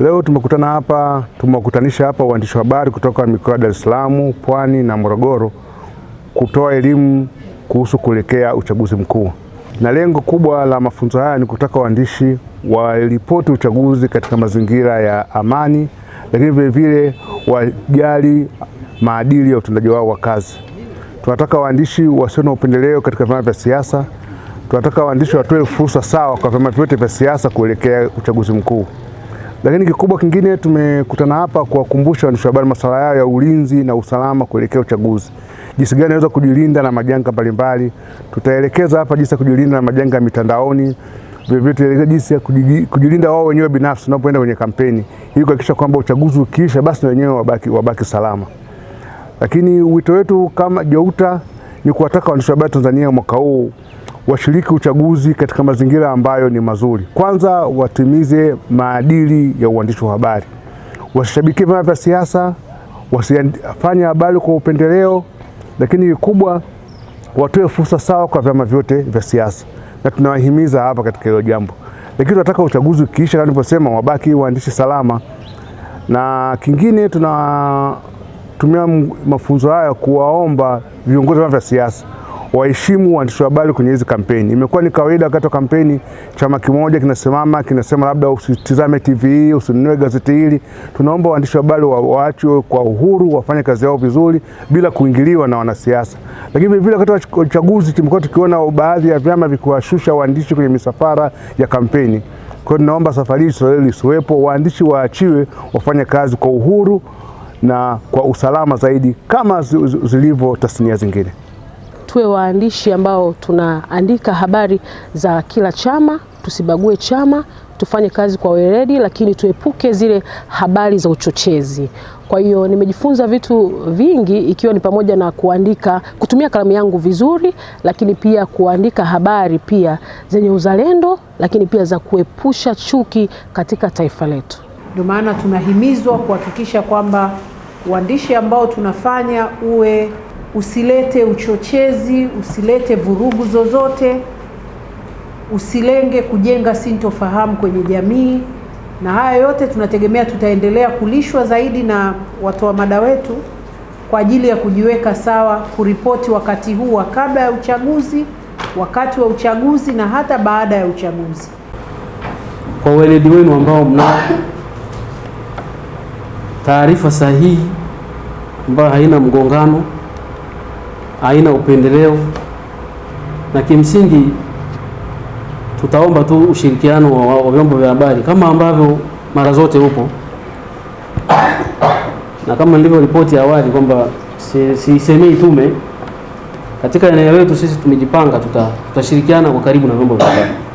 Leo tumekutana hapa, tumewakutanisha hapa waandishi wa habari kutoka mikoa ya Dar es Salaam, Pwani na Morogoro kutoa elimu kuhusu kuelekea uchaguzi mkuu, na lengo kubwa la mafunzo haya ni kutaka waandishi waripoti uchaguzi katika mazingira ya amani, lakini vilevile wajali maadili ya utendaji wao wa kazi. Tunataka waandishi wasio na upendeleo katika vyama vya siasa. Tunataka waandishi watoe fursa sawa kwa vyama vyote vya siasa kuelekea uchaguzi mkuu. Lakini kikubwa kingine tumekutana hapa kuwakumbusha waandishi wa habari masuala yao ya ulinzi na usalama kuelekea uchaguzi, jinsi gani naweza kujilinda na majanga mbalimbali. Tutaelekeza hapa jinsi ya kujilinda na majanga ya mitandaoni, vilevile tutaelekeza jinsi ya kujilinda wao wenyewe binafsi unapoenda kwenye kampeni, ili kuhakikisha kwamba uchaguzi ukiisha, basi na wenyewe wabaki, wabaki salama. Lakini wito wetu kama jouta ni kuwataka waandishi wa habari Tanzania mwaka huu washiriki uchaguzi katika mazingira ambayo ni mazuri. Kwanza watimize maadili ya uandishi wa habari, wasishabikie vyama vya siasa, wasifanye habari kwa upendeleo, lakini kubwa watoe fursa sawa kwa vyama vyote vya siasa, na tunawahimiza hapa katika hilo jambo. Lakini tunataka uchaguzi ukiisha, kama nilivyosema, wabaki waandishi salama, na kingine tunatumia mafunzo haya kuwaomba viongozi wa vyama vya siasa waheshimu waandishi wa habari kwenye hizi kampeni. Imekuwa ni kawaida wakati wa kampeni, chama kimoja kinasimama kinasema labda usitizame TV hii, usinunue gazeti hili. Tunaomba waandishi wa habari waachwe kwa uhuru, wafanye kazi yao vizuri bila kuingiliwa na wanasiasa. Lakini vilevile wakati wa uchaguzi tumekuwa tukiona baadhi ya vyama vikiwashusha waandishi kwenye misafara ya kampeni. Kwa hiyo tunaomba safari hii swala hili lisiwepo, waandishi waachiwe wafanye kazi kwa uhuru na kwa usalama zaidi kama zilivyo tasnia zingine tuwe waandishi ambao tunaandika habari za kila chama, tusibague chama, tufanye kazi kwa weledi, lakini tuepuke zile habari za uchochezi. Kwa hiyo nimejifunza vitu vingi, ikiwa ni pamoja na kuandika, kutumia kalamu yangu vizuri, lakini pia kuandika habari pia zenye uzalendo, lakini pia za kuepusha chuki katika taifa letu. Ndio maana tunahimizwa kuhakikisha kwamba uandishi ambao tunafanya uwe usilete uchochezi, usilete vurugu zozote, usilenge kujenga sintofahamu kwenye jamii. Na haya yote tunategemea tutaendelea kulishwa zaidi na watoa mada wetu kwa ajili ya kujiweka sawa, kuripoti wakati huu wa kabla ya uchaguzi, wakati wa uchaguzi na hata baada ya uchaguzi, kwa weledi wenu ambao mnao taarifa sahihi ambayo haina mgongano haina upendeleo, na kimsingi tutaomba tu ushirikiano wa vyombo vya habari kama ambavyo mara zote upo, na kama ripoti awali kwamba siisemei si tume katika eneo letu sisi tumejipanga, tutashirikiana tuta kwa karibu na vyombo vya habari.